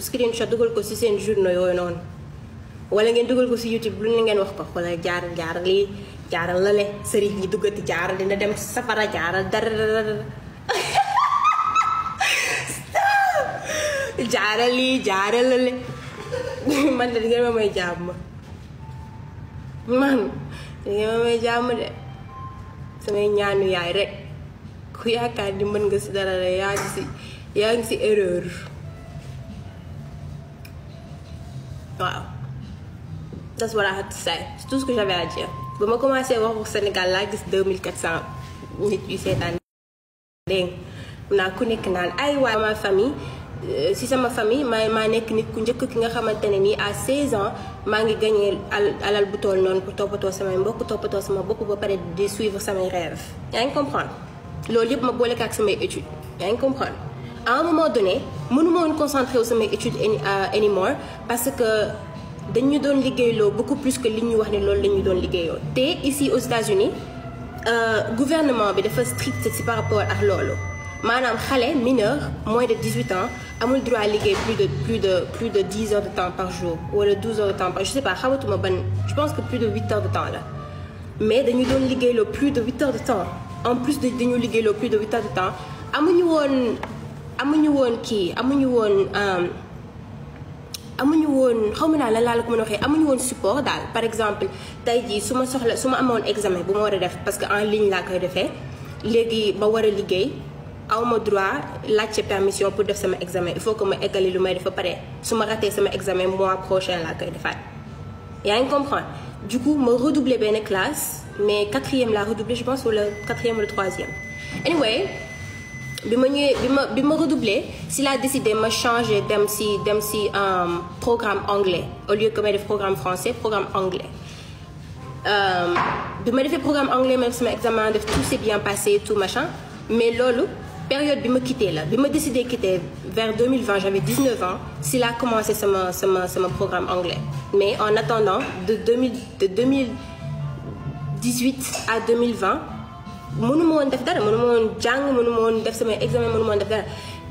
screen shot dugal ko ci seen journaux yooyu noonu wala ngeen dugal ko ci youtube lu ne ngeen wax ko xoolal jaaral jaaral lii jaaral lale sëriñ yi duggati jaaral dina dem safara jaaral dara jaaral lii jaaral lale man de ngeen ma may jàmm man ngeen ma may jàmm de samay ñaanu yaay rek ku yaakaar di mën nga ci dara la yaa ci yaa ci erreur that's what I had to say c'est tout ce que j'avais à dire Je commence commencé voir pour Sénégal là, 2400 je ma famille euh, si ma famille je suis à 16 ans pour gagné pour suivre mes rêve comprendre ma mes mes études comprendre à un moment donné je me concentré sur mes études euh, anymore parce que nous avons beaucoup plus que li ñu ne ici aux États-Unis euh, gouvernement bi dafa strict ci par rapport à loolu Madame Khalé, mineur moins de 18 ans le droit plus de plus de plus de 10 heures de temps par jour ou 12 heures de temps par je sais pas je pense que plus de 8 heures de temps mais nous avons plus de 8 heures de temps en plus de dañu plus de 8 heures de temps nous avons amuñu won ki amuñu euh amuñu won xaw ma daal lan la ko mën waxe amuñu won support dal par exemple tey jii su soxla suma amone examen bu mo wara def parce que en ligne la koy defé légui ba wara a liggéey aw droit laccé permission pour def sama examen il faut que ma eggali lu may def paré suma raté sama examen mois prochain la koy defaat ya ngi comprendre du coup ma redoubler ben classe mais quatrième la redoubler je pense le quatrième le troisième anyway Bima ma redoublé S'il a décidé me changer dem si dem si euh, programme anglais au lieu que mettre le programme français programme anglais. De euh, ma un programme anglais même si mon examen de tout s'est bien passé tout machin mais lolo période bima ma quitté là, ma décidé quitter vers 2020 j'avais 19 ans S'il a commencé ce programme anglais mais en attendant de 2018 à 2020 mënu ma def dara mënu def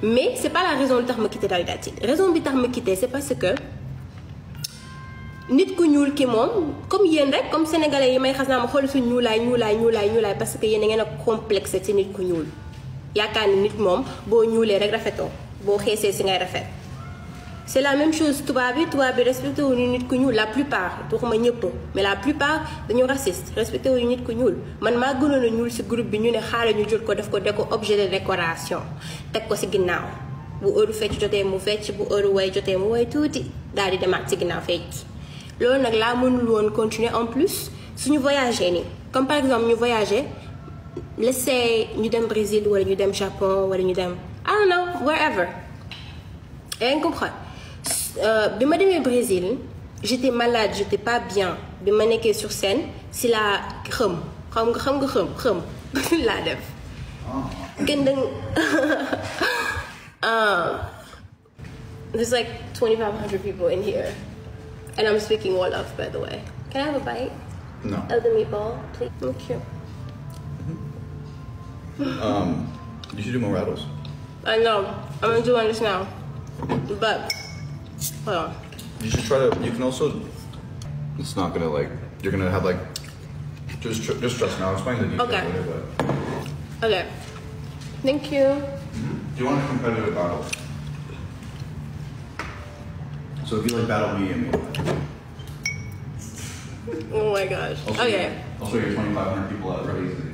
mais c'est pas la raison de me quitter la raison bi tax quitter, c'est parce que nit ku ñuul ki moom comme yéen rek comme sénégalais yi may xas naa ma xool ñuulaay ñuulaay ñuulaay parce que yéen a ngeen complexe ci nit ku ñuul nit moom boo ñuulee rek rafetoo boo si ngay c'est la même chose tubaab bi tu bi respecté wuñu nit ku ñuul la plupart waxuma ñëpp mais la plupart dañu raciste respecté wuñu nit ku ñuul man maa gënoon a ñuul ci groupe bi ñu ne xaaral ñu jël ko def ko def ko objet de décoration teg ko ci ginnaaw bu heure fecc jotee mu fecc bu heure way jotee mu way tuuti daal di demaat ci ginnaaw fecc loolu mënul woon continuer en plus suñu voyagé nii comme par exemple ñu voyagé laissez ñu dem Brésil wala ñu dem Japon wala ñu dem I don't know wherever yaa ngi Euh, bi ma demee Brésil j'étais malade j'étais pas bien bi ma nekkee sur scène si laa xëm xam nga xam nga xëm xëm laa def ah. kenn dang ah. there's like 2500 people in here and I'm speaking all up. by the way can I have a bite no of the meatball please thank you mm-hmm. um you should do more rattles I know I'm gonna do one just now but Hold on. You should try to, you can also, it's not gonna like, you're gonna have like, just, tr just trust me, I'll explain the details okay. later, but. Okay. Thank you. Mm -hmm. Do you want a competitive battle? So if you like battle me, and me. Oh my gosh. Also, okay. I'll show you 2,500 people out really easily.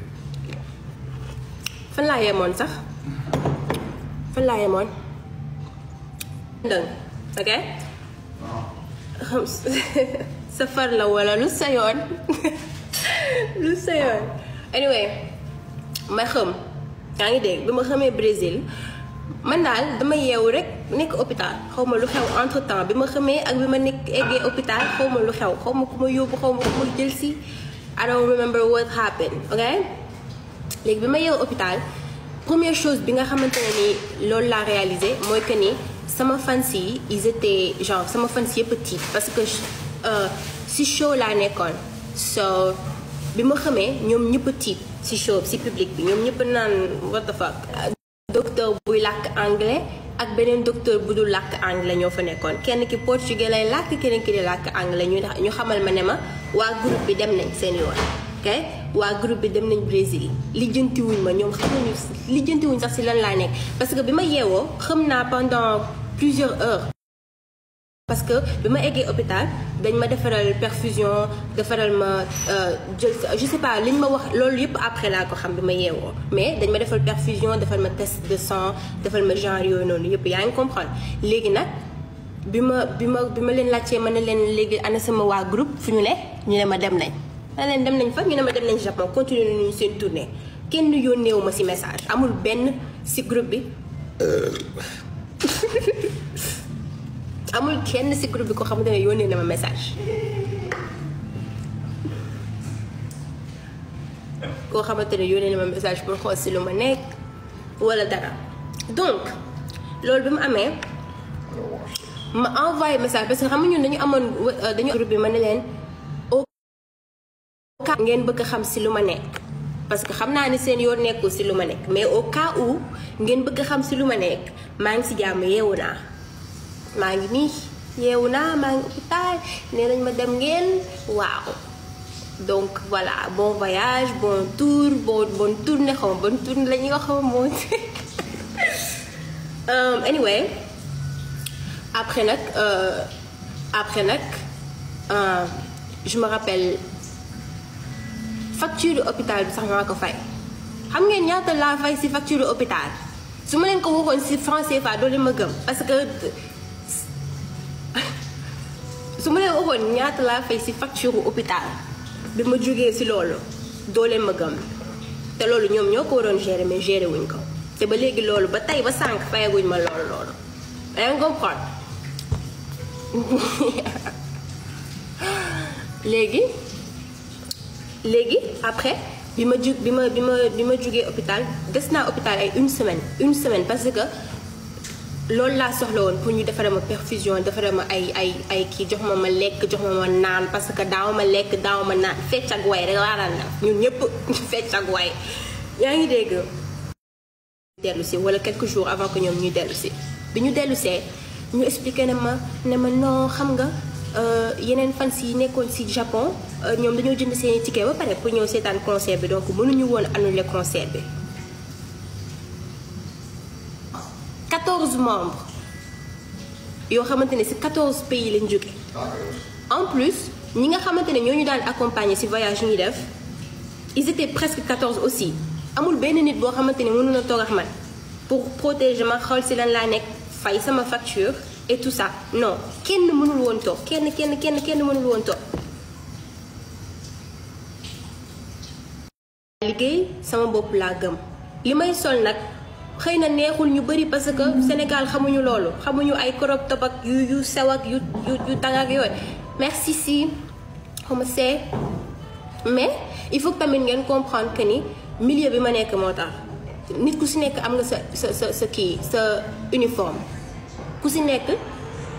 Phân lại em on chắc. Phân lại em on. Đừng. اوكي خمس سفر الاول نص يون نص يون اني واي ما خم يعني ديك بما خمي بريزيل منال دما ياو رك نيك اوبيتال خوما لو خاو انتر تان بما خمي اك بما نيك ايغي اوبيتال خوما لو خاو خوما كوما يوب خوما كوما جلسي I don't remember what happened, okay? Like, when I was in the hospital, the first thing I had to do sama fans ils étaient genre sama fans parce que euh, si show à so bi petit petits, si show si public bi sommes what the fuck docteur Bouillac anglais ak benen docteur bu anglais fa kenn portugais lay ki anglais ñu ñu xamal groupe ok wa groupe bi dem nañ Brésil lijjanti wuñ ma ñoom xamuñu lijjanti wuñ sax si lan laa nekk parce que bi ma yeewoo xam naa pendant plusieurs heures. parce que bi ma eggee hôpital dañ ma defaral perfusion defaral ma euh, jël je sais pas liñ ma wax loolu yëpp après laa ko xam bi ma yeewoo mais dañ ma defal perfusion defal ma test de sang defal ma genre yooyu noonu yëpp yaa ngi comprendre léegi nag. bi ma bi ma bi ma leen laajtee ma ne leen léegi ana sama waa groupe fu ñu ne ñu ne ma dem nañ ma leen dem nañ fa ñu ne ma dem nañ Japon continuer nañu seen tournée kenn yónnee wu ma si message amul benn si groupe bi. Euh. amul kenn si groupe bi ko xamante ne yónnee na ma message. koo xamante ne yónnee na ma message pour xool si lu ma nekk dara donc loolu bi mu amee ma envoyé message parce que xam nga ñun dañu amoon euh, dañu groupe bi ma xam ngeen bëgg xam si lu ma nekk parce que xam naa ni seen yoon nekkul si lu ma nekk mais au cas où ngeen bëgg xam si lu ma nekk maa ngi si jàmm yeewu naa maa ngi nii yeewu naa maa ngi hôpital nee nañ ma dem ngeen waaw donc voilà bon voyage bon tour bon bon tournée xaw bon tournée la ñuy wax xaw ma euh, anyway après nag euh, après nag euh, je me rappelle facture hôpital bi sax maa ko fay xam ngeen ñaata laa fay si facture hôpital su ma leen ko waxoon si franc CFA doo ma gëm parce que su ma leen waxoon ñaata laa fay si facture hôpital bi ma jógee si loolu doole ma gëm te loolu ñoom ñoo ko waroon gérer mais gérer wuñ ko te ba léegi loolu ba tey ba sànq fayaguñ ma loolu loolu léegi léegi après bi ma ju bi ma bi ma bi hôpital hôpital ay une semaine une semaine parce que loolu la soxla woon pour ñu defaree ma perfusion defaree ma ay ay ay ki jox ma ma lekk jox ma ma naan parce que daaw ma lekk daaw ma nan, fecc ak way rek laa daan def ñun ñëpp fecc ak way yaa dégg. dellu si wala quelques jours avant que ñom ñu dellu si bi ñu dellu ñu expliquer na ma ne ma non xam nga. Euh, yenen fans yi nekkoon ci Japon euh, ñoom dañoo jënd seeni ticket ba pare pour ñëw seetaan concert bi donc mënuñu woon annuler concert bi 14 membres yoo xamante ne ci 14 pays lañ jóge en plus ñi nga xamante ne ñoo ñu daan accompagner ci voyage ñuy def ils étaient presque 14 aussi amul benn nit boo xamante ne mënu na toog ak man pour protéger ma xool ci lan laa nekk fay sama facture et tout ça non kenn mënul woon toog kenn kenn kenn kenn mënul woon toog. liggéey sama bopp laa gëm li may sol nag xëy na neexul ñu bëri parce que Sénégal xamuñu loolu xamuñu ay crop top ak yu yu sew ak yu yu tàng yooyu merci si xaw mais il faut tamit ngeen comprendre que ni milieu bi ma nekk moo tax nit ku si nekk am nga sa sa sa kii sa uniforme. ku si nekk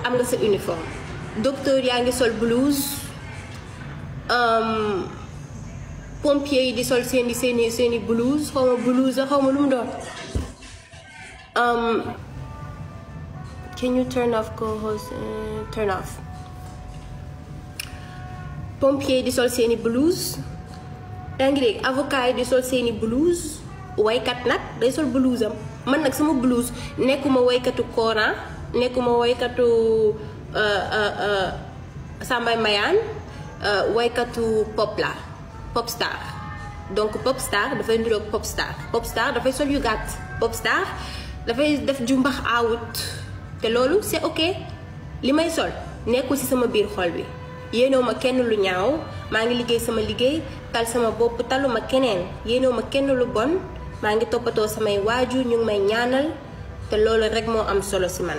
am nga sa uniforme docteur yaa ngi sol blouse um, pompier yi di sol seeni seeni um, uh, yi di sol seeni blouse yaa ngi dégg avocat yi di sol seeni blouse waykat nag day sol blouse am man nag sama blouse nekkuma waykatu Coran nekkuma woykatu uh, uh, uh, Sambay Mayaan woykatu pop la pop star donc pop star dafay nduroog pop star dafay sol yu gàtt pop star dafay def jumbax awut te loolu c'est ok li may sol nekkul ci sama biir xol bi yéenoo ma kenn lu ñaaw maa ngi liggéey sama liggéey tal sama bopp taluma keneen yéenoo ma kenn lu bon maa ngi toppatoo samay waajur ñu may ñaanal te loolu rekk moo am solo si man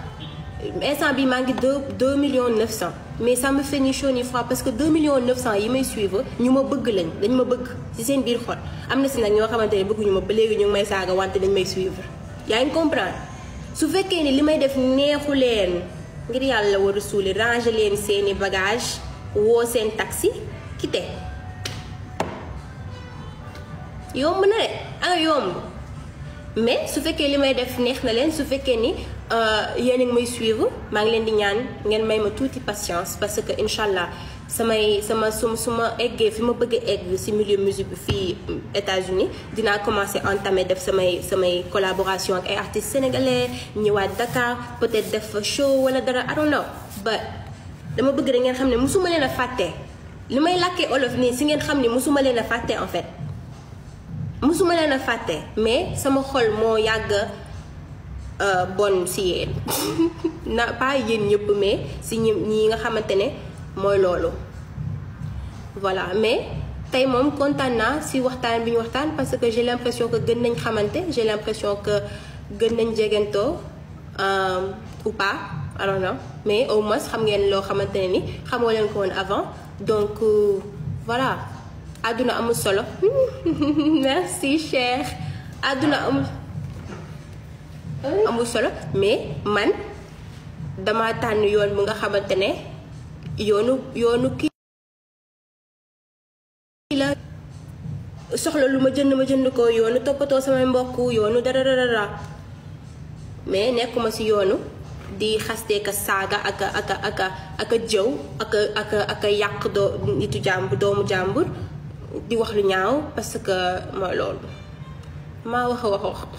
instant bi maa me deux millions 900 mais ça me fait ni chaud ni froid parce que deux millions neuf suivent, may suivre ñu bëgg lañ dañ ma bëgg ci seen biir xol am na si nag ñoo xamante ba ñu may saaga wante dañ may suivre yaa comprendre su les ni may def neexu ngir a ranger bagage woo seen taxi quitté yomb na de ah mais su vous li may def neex su ni euh, yéen a ngi may suivre maa ngi leen di ñaan ngeen may ma tuuti patience parce que inshallah allah samay sama suma suma ma eggee fi ma bëgg a egg si milieu musique bi fii euh, États-Unis dinaa commencé entamer def samay samay collaboration ak ay artistes sénégalais ñëwaat Dakar peut-être def show wala dara I don't know but dama bëgg rek ngeen xam ne mosuma leen a fàtte li may làkkee olof nii si ngeen xam ne mosuma leen a fàtte en fait mosuma leen a fàtte mais sama xol moo yàgg bon si yéen na pas yéen ñëpp mais si ñi nga xamantene ne lolu voilà mais tay mom kontaan na si waxtaan biñu waxtaan parce que j'ai l'impression que gën nañ xamanté j'ai l'impression que gën nañ jegantoo euh, ou pas I don't know mais au moins xam ngeen lo xamante ne ni xamo leen ko won avant donc euh, voilà aduna amul solo merci cher aduna amul amul solo mais man dama tànn yoon bu nga xamante ne yoonu yoonu kii la soxla lu ma jënd ma jënd ko yoonu toppatoo samay mbokk yoonu dara dara mais nekkuma si yoonu di xaste ka saaga ak ak ak ak jëw ak ak ak yàq doo nitu jàmbur doomu jàmbur di wax lu ñaaw parce que mooy loolu maa wax wax wax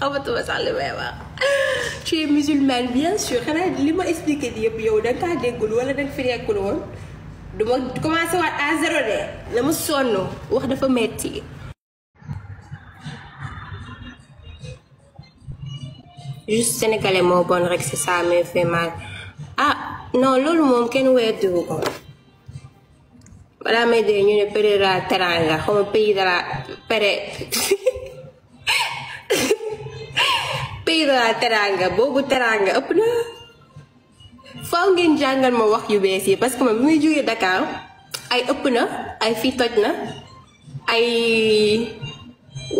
xamatuma sax li may wax tu es bien sûr xanaa li ma expliqué nii yëpp yow da nga kaa déggul wala da nga fi nekkul woon du ma commencé waat de la ma sonn wax dafa metti juste sénégalais moo bon rek c'est ça mais fait ah non loolu moom kenn weddiwu ko balaa may dee ñu ne pere la teranga xaw pays de la pays de boobu teranga ëpp ngeen jàngal ma wax yu bees yi parce que man bi muy ay ëpp na ay fii toj ay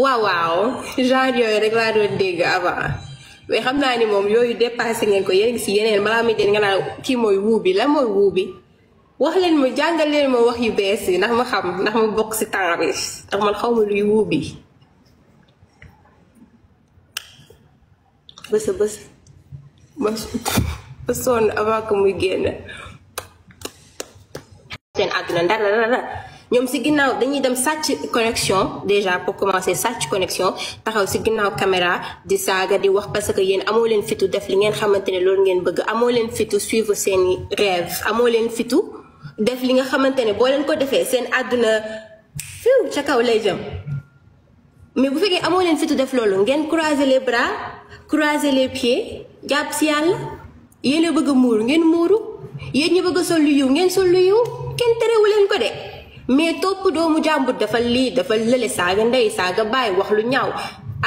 waaw waaw genre yooyu rek doon dégg avant mais xam naa ni moom yooyu dépassé ngeen ko yéen ngi si yeneen balaa muy dégg nga naan kii mooy wuu bi la mooy wuu bi wax leen ma jàngal leen ma wax yu bees yi ndax ma xam ndax ma bokk si temps bi ndax man xaw ma luy wuu bës a bës ba avant que muy génn seen àdduna nous avons Ñom si ginnaw dañuy dem connexion déjà pour commencer satch connexion taxaw si une caméra di saga di wax parce que yeen amo len fitu def li ngeen xamantene nous ngeen bëgg amo fitu suivre seeni rêve amo que fitu def li nga xamantene bo len ko défé sen que nous avons kaw mais bu fekkee amoo leen fitu def loolu ngeen croiser les bras croiser les pieds jàpp si yàlla yéen bëgg a muur ngeen muuru yéen ñi bëgg a sol yiw ngeen sol lu yiw kenn terewu leen ko de mais topp doomu jàmbur dafa lii dafa lële saaga ndey saaga bàyyi wax lu ñaaw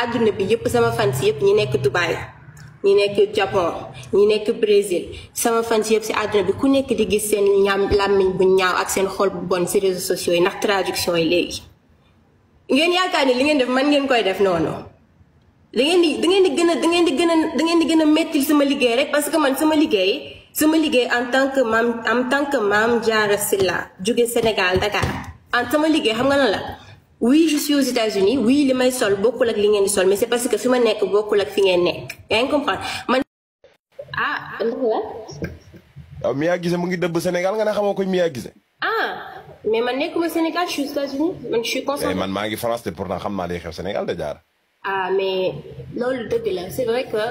àdduna bi yépp sama fans yépp ñi nekk Dubaï ñi nekk Japon ñi nekk Brésil sama fans yépp si àdduna bi ku nekk di gis seen ñaam làmmiñ bu ñaaw ak seen xol bu bon si réseaux sociaux yi ndax traduction yi léegi ngeen yaakaar ne li ngeen def man ngeen koy def nono da ngeen di da ngeen di gën a da ngeen di gën a da ngeen di gën a mettil sama liggéey rek parce que man sama liggéey sama liggéey en tant que maam en tant que maam Diarra Silla jóge Sénégal Dakar en sama liggéey xam nga lan la oui je suis aux États-Unis oui li may sol bokkul ak li ngeen di sol mais c'est parce que fi ma nekk bokkul ak fi ngeen nekk yaa ngi comprendre man. ah ndax la. waaw Mia Guissé mu ngi dëbb Sénégal nga ne xamoo Mia Guissé. ah. mais man nekkuma Sénégal je suis États-Unis man je suis concentré. man maa ngi France te pourtant xam naa liy xew Sénégal da jaar. ah mais lolou dëgg la c'est vrai que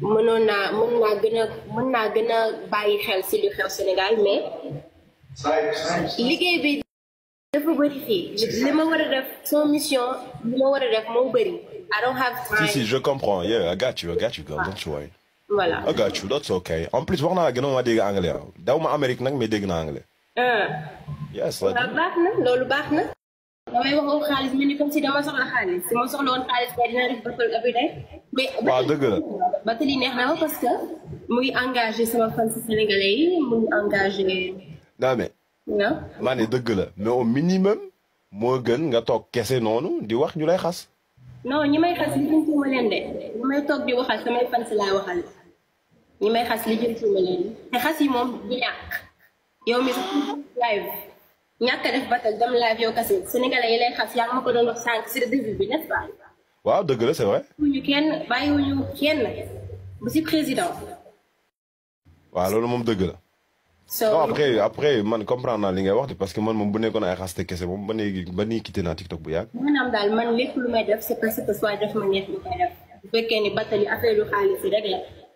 mënoon naa mën naa gëna a mën naa gën a xel ci li xew Sénégal mais. liggéey bi dafa bëri fii li ma war a def son mission li ma war a def moo bëri. I don't have time. si si je comprends yeah I got you I got you girl don't you worry. voilà I got you that's okay en plus wax naa la gënoon ma anglais daaw ma Amérique nag mais dégg naa anglais. Ah. baax na loolu baax na. damay waxoon xaalis mel ni comme si dama soxla xaalis su ma soxla woon xaalis kay dëgg la bëtël yi neex na ma parce que mu sama fan si sénégalais yi mu ngi engagé. non mais. non maa ne dëgg la mais au minimum moo gën nga toog kese noonu di wax ñu lay xas. non ñi may xas li jëm tuuma leen de ñi may toog di waxal samay fan si waxal ñi may xas li jëm tuuma leen te xas yi moom du ñàkk. yow mi live ñàkk def batal dem live yow kase sénégalais yi lay xas yaa ngi ma ko doon wax sànq si début bi n'est-ce pas waaw dëgg la c'est vrai ñu kenn bàyyiwuñu kenn bu si président waaw loolu moom dëgg la non après après man comprendre naa li ngay wax de parce que man moom bu nekkoon ay xaste kese moom ba léegi ba nii quitté naa TikTok bu yàgg maanaam daal man lépp lu may def c'est parce que soit def ma neex ñu koy def bu fekkee ni batali affaire yu xaalis rek la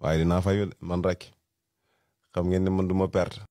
waaye dinaa fayu man rek xam ngeen ne man du perte